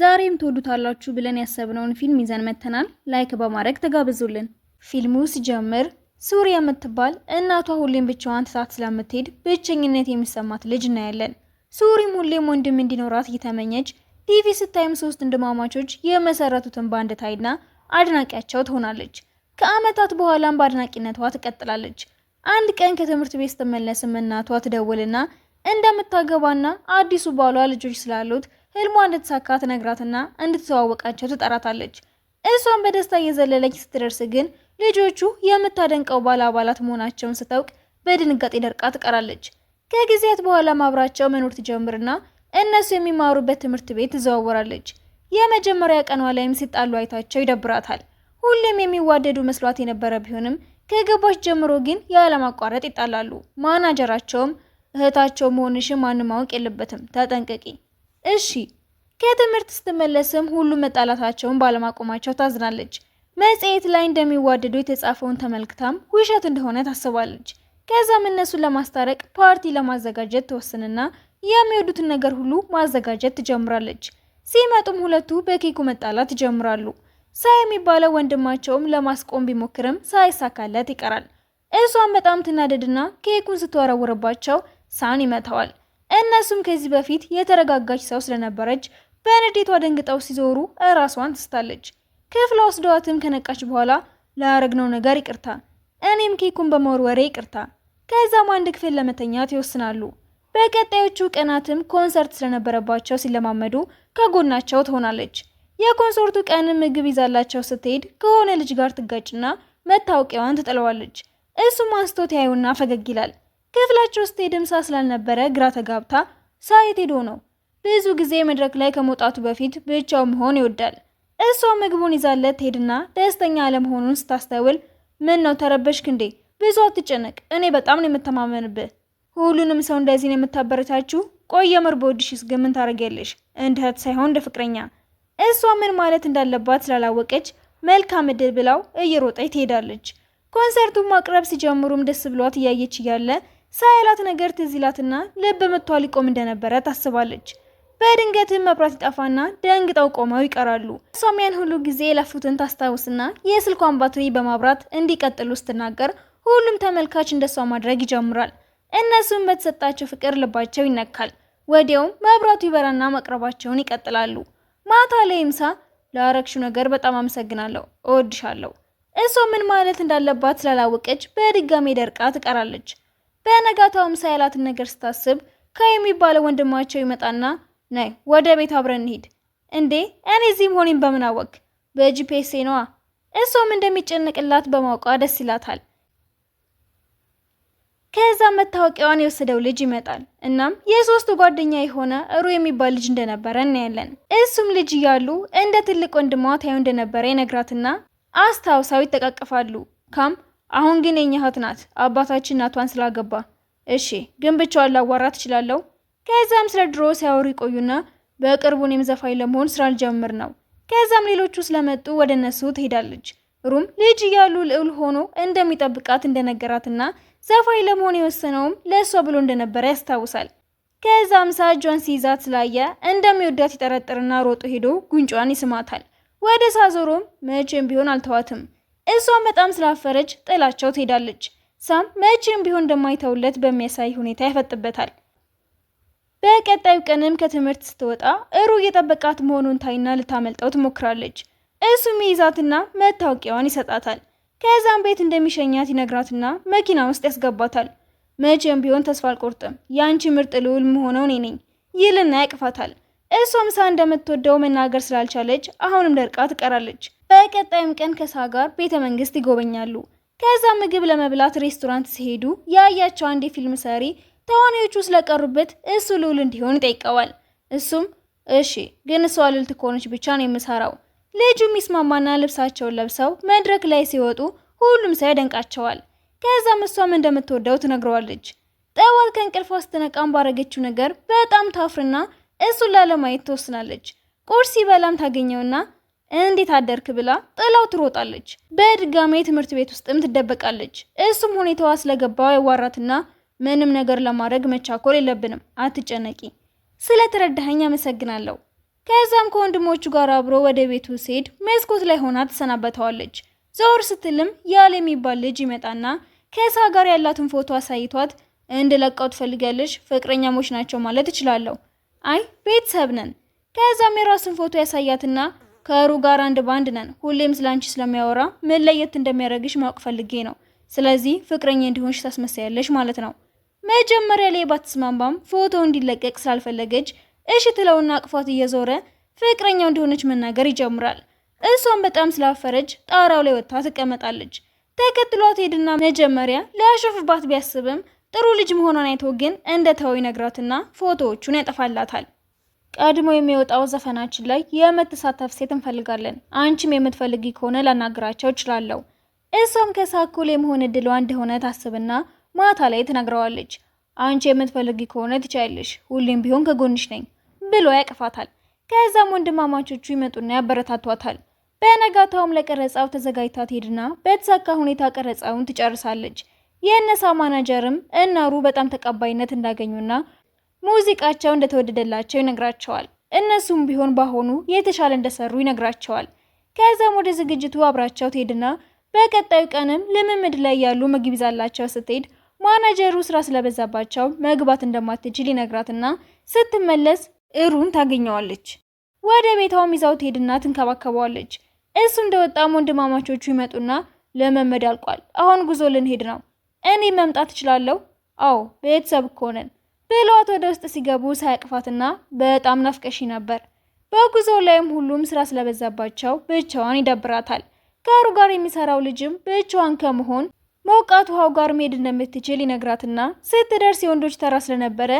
ዛሬም ትወዱታላችሁ ብለን ያሰብነውን ፊልም ይዘን መተናል። ላይክ በማድረግ ተጋብዙልን። ፊልሙ ሲጀምር ሱሪያ የምትባል እናቷ ሁሌም ብቻዋን ትታት ስለምትሄድ ብቸኝነት የሚሰማት ልጅ እናያለን። ሱሪም ሁሌም ወንድም እንዲኖራት እየተመኘች ቲቪ ስታይም ሶስት እንድማማቾች የመሰረቱትን ባንድ ታይና አድናቂያቸው ትሆናለች። ከአመታት በኋላም በአድናቂነቷ ትቀጥላለች። አንድ ቀን ከትምህርት ቤት ስትመለስም እናቷ ትደውልና እንደምታገባና አዲሱ ባሏ ልጆች ስላሉት ህልሟ እንድትሳካ ትነግራትና እንድትተዋወቃቸው ትጠራታለች። እሷን በደስታ እየዘለለች ስትደርስ ግን ልጆቹ የምታደንቀው ባለ አባላት መሆናቸውን ስታውቅ በድንጋጤ ደርቃ ትቀራለች። ከጊዜያት በኋላ ማብራቸው መኖር ትጀምርና እነሱ የሚማሩበት ትምህርት ቤት ትዘዋወራለች። የመጀመሪያ ቀኗ ላይም ሲጣሉ አይታቸው ይደብራታል። ሁሌም የሚዋደዱ መስሏት የነበረ ቢሆንም ከገባች ጀምሮ ግን ያለማቋረጥ ይጣላሉ። ማናጀራቸውም እህታቸው መሆንሽን ማንም ማወቅ የለበትም፣ ተጠንቀቂ እሺ ከትምህርት ስትመለስም ሁሉም መጣላታቸውን ባለማቆማቸው ታዝናለች። መጽሔት ላይ እንደሚዋደዱ የተጻፈውን ተመልክታም ውሸት እንደሆነ ታስባለች። ከዛም እነሱን ለማስታረቅ ፓርቲ ለማዘጋጀት ትወስንና የሚወዱትን ነገር ሁሉ ማዘጋጀት ትጀምራለች። ሲመጡም ሁለቱ በኬኩ መጣላት ይጀምራሉ። ሳይ የሚባለው ወንድማቸውም ለማስቆም ቢሞክርም ሳይሳካለት ይቀራል። እሷም በጣም ትናደድና ኬኩን ስትወረውርባቸው ሳን ይመታዋል። እነሱም ከዚህ በፊት የተረጋጋች ሰው ስለነበረች በንዴቷ ደንግጠው ሲዞሩ እራሷን ትስታለች። ክፍሏ ወስደዋትም ከነቃች በኋላ ላረግነው ነገር ይቅርታ፣ እኔም ኬኩን በመወርወሬ ይቅርታ። ከዛም አንድ ክፍል ለመተኛት ይወስናሉ። በቀጣዮቹ ቀናትም ኮንሰርት ስለነበረባቸው ሲለማመዱ ከጎናቸው ትሆናለች። የኮንሰርቱ ቀን ምግብ ይዛላቸው ስትሄድ ከሆነ ልጅ ጋር ትጋጭና መታወቂያዋን ትጥለዋለች። እሱም አንስቶት ያዩና ፈገግ ይላል። ክፍላቸው ውስጥ የድምሳ ስላልነበረ ግራ ተጋብታ ሳይት ሄዶ ነው። ብዙ ጊዜ መድረክ ላይ ከመውጣቱ በፊት ብቻው መሆን ይወዳል። እሷ ምግቡን ይዛለት ሄድና ደስተኛ አለመሆኑን ስታስተውል ምን ነው ተረበሽክ እንዴ? ብዙ አትጨነቅ፣ እኔ በጣም ነው የምተማመንብህ። ሁሉንም ሰው እንደዚህ ነው የምታበረታችሁ? ቆየ መር በወድሽስ ግን ምን ታደርጊያለሽ? እንደ እህት ሳይሆን እንደ ፍቅረኛ። እሷ ምን ማለት እንዳለባት ስላላወቀች መልካም እድል ብላው እየሮጠች ትሄዳለች። ኮንሰርቱን ማቅረብ ሲጀምሩም ደስ ብሏት እያየች እያለ ሳይላት ነገር ትዝ ይላትና ልብ ምቷ ሊቆም እንደነበረ ታስባለች። በድንገትም መብራት ይጠፋና ደንግጠው ቆመው ይቀራሉ። እሷም ያን ሁሉ ጊዜ የለፉትን ታስታውስና የስልኳን ባትሪ በማብራት እንዲቀጥሉ ስትናገር ሁሉም ተመልካች እንደሷ ማድረግ ይጀምራል። እነሱም በተሰጣቸው ፍቅር ልባቸው ይነካል። ወዲያውም መብራቱ ይበራና መቅረባቸውን ይቀጥላሉ። ማታ ላይ ምሳ ለአረግሹ ነገር በጣም አመሰግናለሁ፣ እወድሻለሁ። እሷ ምን ማለት እንዳለባት ስላላወቀች በድጋሜ ደርቃ ትቀራለች። በነጋታውም ሳያላትን ነገር ስታስብ ከይ የሚባለው ወንድማቸው ይመጣና ነይ ወደ ቤት አብረን እንሂድ። እንዴ እኔ እዚህ መሆኔን በምን አወቅ? በጂፒኤስ ነዋ። እሷም እንደሚጨንቅላት በማውቋ ደስ ይላታል። ከዛ መታወቂያዋን የወሰደው ልጅ ይመጣል። እናም የሶስቱ ጓደኛ የሆነ እሩ የሚባል ልጅ እንደነበረ እናያለን። እሱም ልጅ እያሉ እንደ ትልቅ ወንድሟ ታየው እንደነበረ ይነግራትና አስታውሳው ይጠቃቅፋሉ። ካም አሁን ግን የኛ እህት ናት። አባታችን እናቷን ስላገባ እሺ፣ ግን ብቻዋን ላዋራ ትችላለሁ። ከዛም ስለ ድሮ ሲያወሩ ይቆዩና በቅርቡ እኔም ዘፋኝ ለመሆን ስራ ልጀምር ነው። ከዛም ሌሎቹ ስለመጡ ወደ እነሱ ትሄዳለች። ሩም ልጅ እያሉ ልዑል ሆኖ እንደሚጠብቃት እንደነገራትና ዘፋኝ ለመሆን የወሰነውም ለእሷ ብሎ እንደነበረ ያስታውሳል። ከዛም እጇን ሲይዛት ስላየ እንደሚወዳት ይጠረጥርና ሮጦ ሄዶ ጉንጯን ይስማታል። ወደ ሳዞሮም መቼም ቢሆን አልተዋትም እሷን በጣም ስላፈረች ጥላቸው ትሄዳለች። ሳም መቼም ቢሆን እንደማይተውለት በሚያሳይ ሁኔታ ያፈጥበታል። በቀጣዩ ቀንም ከትምህርት ስትወጣ እሩ እየጠበቃት መሆኑን ታይና ልታመልጠው ትሞክራለች። እሱም ይይዛትና መታወቂያዋን ይሰጣታል። ከዛም ቤት እንደሚሸኛት ይነግራትና መኪና ውስጥ ያስገባታል። መቼም ቢሆን ተስፋ አልቆርጥም፣ የአንቺ ምርጥ ልዑል መሆነው እኔ ነኝ ይልና ያቅፋታል። እሷም ሳ እንደምትወደው መናገር ስላልቻለች አሁንም ደርቃ ትቀራለች። በቀጣይም ቀን ከሳ ጋር ቤተ መንግስት ይጎበኛሉ። ከዛ ምግብ ለመብላት ሬስቶራንት ሲሄዱ ያያቸው አንድ የፊልም ሰሪ ተዋናዮቹ ስለቀሩበት እሱ ልዑል እንዲሆን ይጠይቀዋል። እሱም እሺ ግን እሷ ልዕልት ከሆነች ብቻ ነው የምሰራው። ልጁ ሚስማማና ልብሳቸውን ለብሰው መድረክ ላይ ሲወጡ ሁሉም ሰው ያደንቃቸዋል። ከዛም እሷም እንደምትወደው ትነግረዋለች። ጠዋት ከእንቅልፏ ስትነቃም ባረገችው ነገር በጣም ታፍርና እሱን ላለማየት ትወስናለች። ቁርስ ሲበላም ታገኘውና እንዴት አደርክ ብላ ጥላው ትሮጣለች። በድጋሜ ትምህርት ቤት ውስጥም ትደበቃለች። እሱም ሁኔታዋ ስለገባው ያዋራትና ምንም ነገር ለማድረግ መቻኮል የለብንም አትጨነቂ፣ ስለተረዳኸኝ አመሰግናለሁ። ከዛም ከወንድሞቹ ጋር አብሮ ወደ ቤቱ ሲሄድ መስኮት ላይ ሆና ትሰናበተዋለች። ዘወር ስትልም ያል የሚባል ልጅ ይመጣና ከሳ ጋር ያላትን ፎቶ አሳይቷት እንድለቀው ትፈልጋለች። ፍቅረኛሞች ናቸው ማለት እችላለሁ፣ አይ ቤተሰብ ነን። ከዛም የራሱን ፎቶ ያሳያትና ከሩ ጋር አንድ ባንድ ነን። ሁሌም ስላንቺ ስለሚያወራ ምን ለየት እንደሚያደርግሽ ማወቅ ፈልጌ ነው። ስለዚህ ፍቅረኛ እንዲሆንሽ ታስመሳያለሽ ማለት ነው። መጀመሪያ ላይ ባትስማማም ፎቶ እንዲለቀቅ ስላልፈለገች እሺ ትለውና አቅፏት እየዞረ ፍቅረኛው እንደሆነች መናገር ይጀምራል። እሷን በጣም ስላፈረች ጣራው ላይ ወጥታ ትቀመጣለች። ተከትሏት ሄድና መጀመሪያ ሊያሾፍባት ቢያስብም ጥሩ ልጅ መሆኗን አይቶ ግን እንደ ተወው ይነግራትና ፎቶዎቹን ያጠፋላታል። ቀድሞ የሚወጣው ዘፈናችን ላይ የምትሳተፍ ሴት እንፈልጋለን። አንቺም የምትፈልጊ ከሆነ ላናግራቸው እችላለሁ። እሷም ከሳኩል የመሆን እድሏ እንደሆነ ታስብና ማታ ላይ ትነግረዋለች። አንቺ የምትፈልጊ ከሆነ ትቻለሽ፣ ሁሌም ቢሆን ከጎንሽ ነኝ ብሎ ያቅፋታል። ከዛም ወንድማማቾቹ ይመጡና ያበረታቷታል። በነጋታውም ለቀረጻው ተዘጋጅታ ትሄድና በተሳካ ሁኔታ ቀረጻውን ትጨርሳለች። የእነሳ ማናጀርም እነሩ በጣም ተቀባይነት እንዳገኙና ሙዚቃቸው እንደተወደደላቸው ይነግራቸዋል። እነሱም ቢሆን ባሆኑ የተሻለ እንደሰሩ ይነግራቸዋል። ከዛም ወደ ዝግጅቱ አብራቸው ትሄድና በቀጣዩ ቀንም ልምምድ ላይ ያሉ ምግብ ይዛላቸው ስትሄድ ማናጀሩ ስራ ስለበዛባቸው መግባት እንደማትችል ይነግራትና ስትመለስ እሩን ታገኘዋለች። ወደ ቤቷም ይዛው ትሄድና ትንከባከበዋለች። እሱ እንደወጣም ወንድማማቾቹ ይመጡና ልምምድ አልቋል፣ አሁን ጉዞ ልንሄድ ነው። እኔ መምጣት እችላለሁ? አዎ ቤተሰብ እኮ ነን ብለዋት ወደ ውስጥ ሲገቡ ሳያቅፋትና በጣም ናፍቀሺ ነበር። በጉዞ ላይም ሁሉም ስራ ስለበዛባቸው ብቻዋን ይደብራታል። ከሩ ጋር የሚሰራው ልጅም ብቻዋን ከመሆን ሞቃት ውሃው ጋር መሄድ እንደምትችል ይነግራትና ስትደርስ የወንዶች ተራ ስለነበረ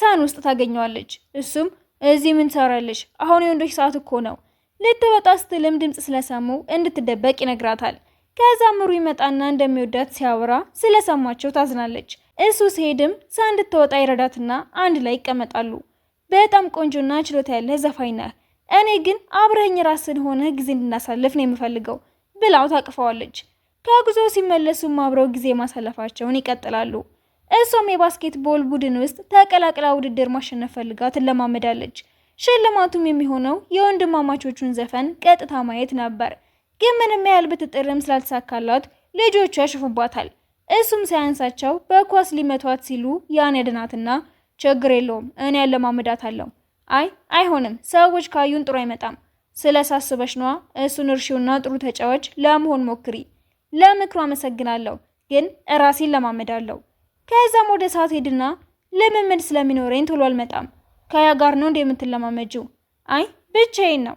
ሳህን ውስጥ ታገኘዋለች። እሱም እዚህ ምን ትሰራለች? አሁን የወንዶች ሰዓት እኮ ነው። ልትወጣ ስትልም ድምፅ ስለሰሙ እንድትደበቅ ይነግራታል። ከዛ ምሩ ይመጣና እንደሚወዳት ሲያወራ ስለሰማቸው ታዝናለች። እሱ ሲሄድም ሳንድትወጣ ይረዳትና አንድ ላይ ይቀመጣሉ። በጣም ቆንጆና ችሎታ ያለህ ዘፋኝ ነህ፣ እኔ ግን አብረኝ ራስን ሆነህ ጊዜ እንድናሳልፍ ነው የምፈልገው ብላው ታቅፈዋለች። ከጉዞ ሲመለሱም አብረው ጊዜ ማሳለፋቸውን ይቀጥላሉ። እሷም የባስኬትቦል ቡድን ውስጥ ተቀላቅላ ውድድር ማሸነፍ ፈልጋ ትለማመዳለች። ሽልማቱም የሚሆነው የወንድማማቾቹን ዘፈን ቀጥታ ማየት ነበር። ግን ምንም ያህል ብትጥርም ስላልተሳካላት ልጆቹ ያሽፉባታል። እሱም ሳያንሳቸው በኳስ ሊመቷት ሲሉ ያን ያድናትና ችግር የለውም እኔ አለው። አይ አይሆንም፣ ሰዎች ካዩን ጥሩ አይመጣም። ስለሳስበሽ ነዋ። እሱን እርሺውና ጥሩ ተጫዋች ለመሆን ሞክሪ። ለምክሩ አመሰግናለሁ፣ ግን እራሴን ለማመዳለሁ። ከዛም ወደ ሰዓት ሄድና ልምምድ ስለሚኖረኝ ቶሎ አልመጣም። ከያ ጋር ነው እንደ የምትለማመጂው? አይ ብቻዬን ነው።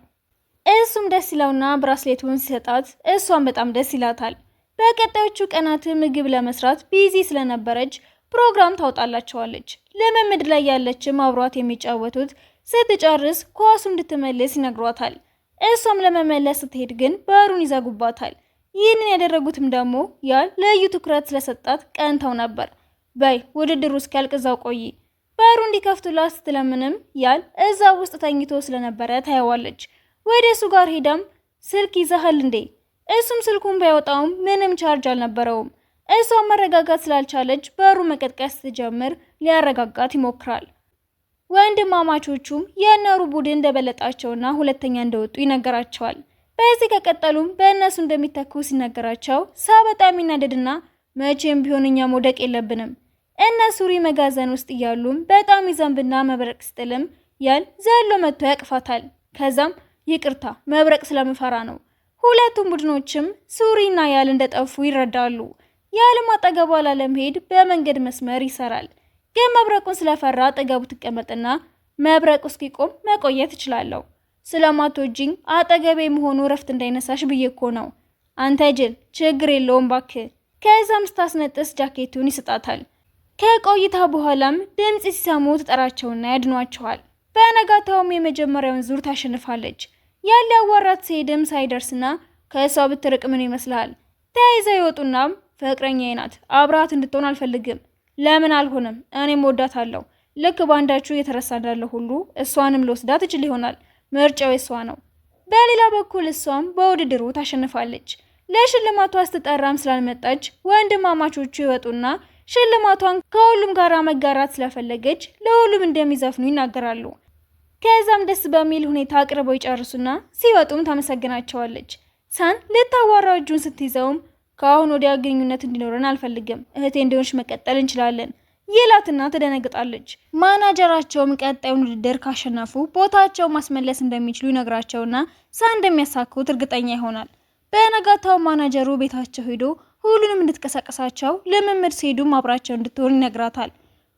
እሱም ደስ ይለውና ብራስሌቱን ሲሰጣት እሷን በጣም ደስ ይላታል። በቀጣዮቹ ቀናት ምግብ ለመስራት ቢዚ ስለነበረች ፕሮግራም ታውጣላቸዋለች። ልምምድ ላይ ያለችም አብሯት የሚጫወቱት ስትጨርስ ኳሱ እንድትመልስ ይነግሯታል። እሷም ለመመለስ ስትሄድ ግን በሩን ይዘጉባታል። ይህንን ያደረጉትም ደግሞ ያ ልዩ ትኩረት ስለሰጣት ቀንተው ነበር። በይ ውድድሩ እስኪያልቅ እዛው ቆይ፣ በሩ እንዲከፍቱላት ስትለምንም ያል እዛ ውስጥ ተኝቶ ስለነበረ ታየዋለች። ወደ እሱ ጋር ሄዳም ስልክ ይዘሃል እንዴ እሱም ስልኩን ባይወጣውም ምንም ቻርጅ አልነበረውም። እሷ መረጋጋት ስላልቻለች በሩ መቀጥቀስ ስትጀምር ሊያረጋጋት ይሞክራል። ወንድማማቾቹም የእነሩ ቡድን እንደበለጣቸውና ሁለተኛ እንደወጡ ይነገራቸዋል። በዚህ ከቀጠሉም በእነሱ እንደሚተኩ ሲነገራቸው ሳ በጣም ይናደድና መቼም ቢሆን እኛ መውደቅ የለብንም። እነ ሱሪ መጋዘን ውስጥ እያሉም በጣም ይዘንብና መብረቅ ስጥልም ያል ዘሎ መጥቶ ያቅፋታል። ከዛም ይቅርታ መብረቅ ስለምፈራ ነው ሁለቱም ቡድኖችም ሱሪና ያል እንደጠፉ ይረዳሉ። ያልም አጠገቧ ላለመሄድ በመንገድ መስመር ይሰራል። ግን መብረቁን ስለፈራ አጠገቡ ትቀመጥና መብረቁ እስኪቆም መቆየት እችላለሁ። ስለማትወጂኝ አጠገቤ መሆኑ እረፍት እንዳይነሳሽ ብዬ እኮ ነው። አንተ ጅል፣ ችግር የለውም ባክ። ከዛም ስታስነጥስ ጃኬቱን ይሰጣታል። ከቆይታ በኋላም ድምፅ ሲሰሙ ትጠራቸውና ያድኗቸዋል። በነጋታውም የመጀመሪያውን ዙር ታሸንፋለች። ያሊያዋራት ሲሄድም ሳይደርስና ከእሷ ብትርቅ ምን ይመስልሃል? ተያይዘው ይወጡናም ፍቅረኛዬ ናት አብራት እንድትሆን አልፈልግም። ለምን አልሆነም? እኔም ወዳታለሁ። ልክ ባንዳችሁ እየተረሳ እንዳለ ሁሉ እሷንም ልወስዳት እችል ይሆናል። ምርጫው የእሷ ነው። በሌላ በኩል እሷም በውድድሩ ታሸንፋለች። ለሽልማቷ ስትጠራም ስላልመጣች ወንድማማቾቹ ይወጡና ሽልማቷን ከሁሉም ጋር መጋራት ስለፈለገች ለሁሉም እንደሚዘፍኑ ይናገራሉ። ከዛም ደስ በሚል ሁኔታ አቅርበው ይጨርሱና ሲወጡም ታመሰግናቸዋለች። ሳን ልታዋራው እጁን ስትይዘውም ከአሁን ወዲያ ግንኙነት እንዲኖረን አልፈልግም፣ እህቴ እንደሆንሽ መቀጠል እንችላለን ይላትና ትደነግጣለች። ማናጀራቸውም ቀጣዩን ውድድር ካሸነፉ ቦታቸው ማስመለስ እንደሚችሉ ይነግራቸውና ሳ እንደሚያሳኩት እርግጠኛ ይሆናል። በነጋታው ማናጀሩ ቤታቸው ሄዶ ሁሉንም እንድትቀሳቀሳቸው ልምምድ ሲሄዱም አብራቸው እንድትሆን ይነግራታል።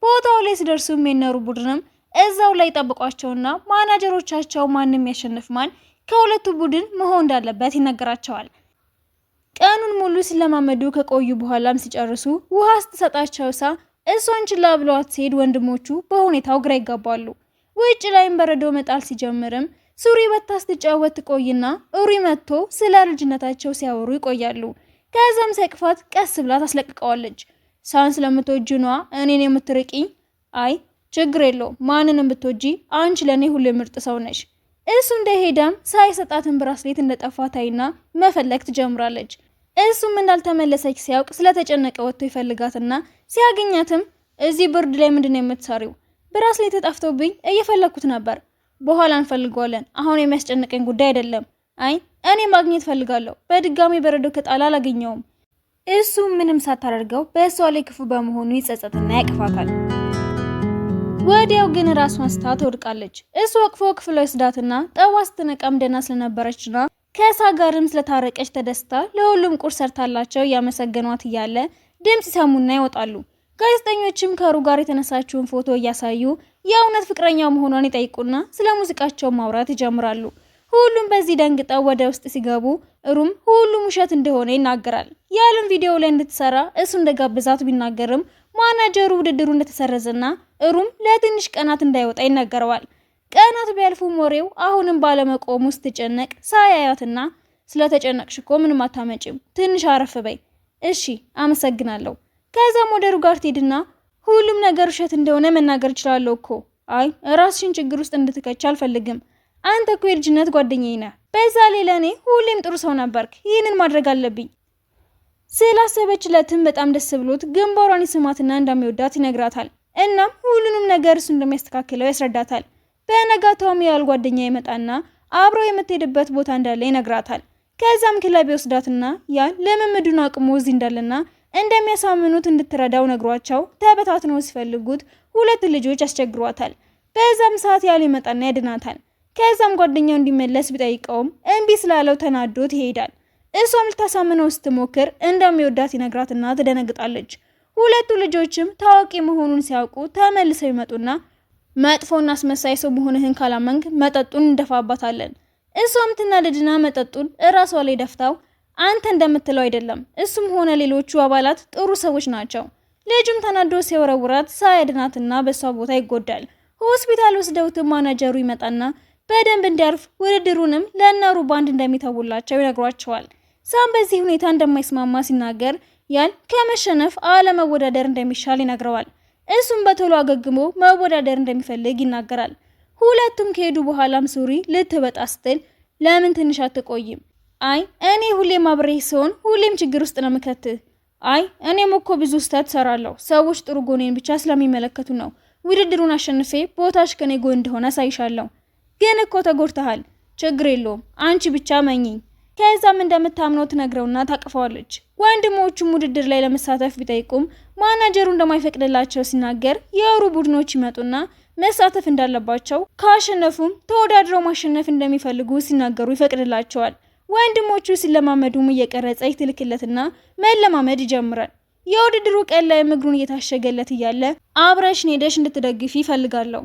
ቦታው ላይ ሲደርሱም የነሩ ቡድንም እዛው ላይ ጠብቋቸውና ማናጀሮቻቸው ማንም ያሸንፍ ማን ከሁለቱ ቡድን መሆን እንዳለበት ይነገራቸዋል። ቀኑን ሙሉ ሲለማመዱ ከቆዩ በኋላም ሲጨርሱ ውሃ ስትሰጣቸው ሳ እሷን ችላ ብለዋት ሲሄድ ወንድሞቹ በሁኔታው ግራ ይጋባሉ። ውጭ ላይም በረዶ መጣል ሲጀምርም ሱሪ በታ ስትጫወት ቆይና እሪ መጥቶ ስለ ልጅነታቸው ሲያወሩ ይቆያሉ። ከዛም ሳይቅፋት ቀስ ብላ ታስለቅቀዋለች። ሳን ስለምትወጅኗ እኔን የምትርቂኝ አይ ችግር የለው ማንንም ብትወጂ አንቺ ለእኔ ሁሌ ምርጥ ሰው ነሽ። እሱ እንደሄደም ሳይሰጣትን ብራስሌት እንደጠፋ ታይና መፈለግ ትጀምራለች። እሱም እንዳልተመለሰች ሲያውቅ ስለተጨነቀ ወጥቶ ይፈልጋትና ሲያገኛትም እዚህ ብርድ ላይ ምንድን ነው የምትሰሪው? ብራስሌት ጠፍቶብኝ እየፈለግኩት ነበር። በኋላ እንፈልገዋለን። አሁን የሚያስጨንቀኝ ጉዳይ አይደለም። አይ እኔ ማግኘት ፈልጋለሁ። በድጋሚ በረዶ ከጣል አላገኘውም። እሱ ምንም ሳታደርገው በእሷ ላይ ክፉ በመሆኑ ይጸጸትና ያቅፋታል። ወዲያው ግን ራሷን አንስታ ትወድቃለች። እሱ ወቅፎ ክፍሏ ስዳትና ጠዋ ስትነቃም ደና ስለነበረችና ከእሳ ጋርም ስለታረቀች ተደስታ ለሁሉም ቁርስ ሰርታላቸው እያመሰገኗት እያለ ድምፅ ይሰሙና ይወጣሉ። ጋዜጠኞችም ከሩ ጋር የተነሳችውን ፎቶ እያሳዩ የእውነት ፍቅረኛ መሆኗን ይጠይቁና ስለ ሙዚቃቸው ማውራት ይጀምራሉ። ሁሉም በዚህ ደንግጠው ወደ ውስጥ ሲገቡ ሩም ሁሉም ውሸት እንደሆነ ይናገራል። የአለም ቪዲዮ ላይ እንድትሰራ እሱ እንደጋብዛት ቢናገርም ማናጀሩ ውድድሩ እንደተሰረዘና እሩም ለትንሽ ቀናት እንዳይወጣ ይነገረዋል። ቀናት ቢያልፉም ወሬው አሁንም ባለመቆሙ ስትጨነቅ ሳያያትና ስለተጨነቅሽ እኮ ምንም አታመጭም፣ ትንሽ አረፍ በይ እሺ፣ አመሰግናለሁ። ከዛም ወደ ሩ ጋር ትሄድና ሁሉም ነገር ውሸት እንደሆነ መናገር እችላለሁ እኮ። አይ ራስሽን ችግር ውስጥ እንድትከች አልፈልግም። አንተ እኮ የልጅነት ጓደኛዬ ነህ። በዛ ሌላኔ ለእኔ ሁሌም ጥሩ ሰው ነበርክ። ይህንን ማድረግ አለብኝ ስላሰበችለትም በጣም ደስ ብሎት ግንባሯን ይስማትና እንደሚወዳት ይነግራታል። እናም ሁሉንም ነገር እሱ እንደሚያስተካክለው ያስረዳታል። በነጋታውም ያል ጓደኛ ይመጣና አብሮ የምትሄድበት ቦታ እንዳለ ይነግራታል። ከዛም ክለብ ይወስዳትና ያ ልምምዱን አቅሞ እዚህ እንዳለና እንደሚያሳምኑት እንድትረዳው ነግሯቸው ተበታትነው ሲፈልጉት ሁለት ልጆች ያስቸግሯታል። በዛም ሰዓት ያል ይመጣና ያድናታል። ከዛም ጓደኛው እንዲመለስ ቢጠይቀውም እምቢ ስላለው ተናዶት ይሄዳል። እሷም ልታሳምነው ስትሞክር እንደሚወዳት ይነግራትና ትደነግጣለች። ሁለቱ ልጆችም ታዋቂ መሆኑን ሲያውቁ ተመልሰው ይመጡና መጥፎና አስመሳይ ሰው መሆንህን ካላመንክ መጠጡን እንደፋባታለን። እሷም ትናደድና መጠጡን እራሷ ላይ ደፍታው አንተ እንደምትለው አይደለም፣ እሱም ሆነ ሌሎቹ አባላት ጥሩ ሰዎች ናቸው። ልጁም ተናዶ ሲወረውራት ሳያድናትና በእሷ ቦታ ይጎዳል። ሆስፒታል ወስደውትም ማናጀሩ ይመጣና በደንብ እንዲያርፍ ውድድሩንም ለእነ ሩባንድ እንደሚተውላቸው ይነግሯቸዋል። ሳም በዚህ ሁኔታ እንደማይስማማ ሲናገር ያን ከመሸነፍ አለመወዳደር እንደሚሻል ይነግረዋል። እሱም በቶሎ አገግሞ መወዳደር እንደሚፈልግ ይናገራል። ሁለቱም ከሄዱ በኋላም ሱሪ ልትበጣ ስትል ለምን ትንሽ አትቆይም? አይ እኔ ሁሌም አብሬ ሲሆን ሁሌም ችግር ውስጥ ነው ምከትህ። አይ እኔም እኮ ብዙ ስህተት ሰራለሁ። ሰዎች ጥሩ ጎኔን ብቻ ስለሚመለከቱ ነው። ውድድሩን አሸንፌ ቦታሽ ከኔ ጎን እንደሆነ አሳይሻለሁ። ግን እኮ ተጎድተሃል። ችግር የለውም አንቺ ብቻ መኝኝ ከዛም እንደምታምነው ትነግረውና ታቅፈዋለች። ወንድሞቹም ውድድር ላይ ለመሳተፍ ቢጠይቁም ማናጀሩ እንደማይፈቅድላቸው ሲናገር የወሩ ቡድኖች ይመጡና መሳተፍ እንዳለባቸው ካሸነፉም ተወዳድረው ማሸነፍ እንደሚፈልጉ ሲናገሩ ይፈቅድላቸዋል። ወንድሞቹ ሲለማመዱም እየቀረጸች ትልክለትና መለማመድ ይጀምራል። የውድድሩ ቀን ላይ ምግሩን እየታሸገለት እያለ አብረሽን ሄደሽ እንድትደግፊ ይፈልጋለሁ።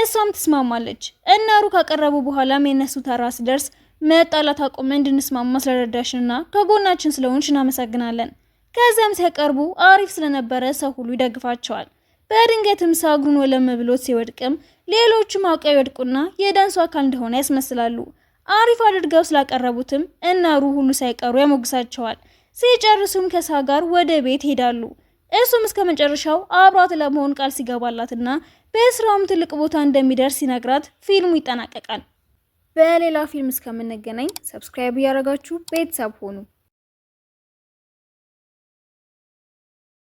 እሷም ትስማማለች እና ካቀረቡ በኋላም የነሱ ተራ ሲደርስ መጣላት አቁመ እንድንስማማ ስለረዳሽንና ከጎናችን ስለሆንሽ እናመሰግናለን። ከዚያም ሲያቀርቡ አሪፍ ስለነበረ ሰው ሁሉ ይደግፋቸዋል። በድንገትም ሳግሩን ወለም ብሎት ሲወድቅም ሌሎቹም አውቀው ይወድቁና የደንሱ አካል እንደሆነ ያስመስላሉ። አሪፍ አድርገው ስላቀረቡትም ሩ ሁሉ ሳይቀሩ ያሞግሳቸዋል። ሲጨርሱም ከሳ ጋር ወደ ቤት ይሄዳሉ። እሱም እስከ መጨረሻው አብሯት ለመሆን ቃል ሲገባላትና በስራውም ትልቅ ቦታ እንደሚደርስ ሲነግራት ፊልሙ ይጠናቀቃል። በሌላ ፊልም እስከምንገናኝ ሰብስክራይብ እያደረጋችሁ ቤተሰብ ሆኑ።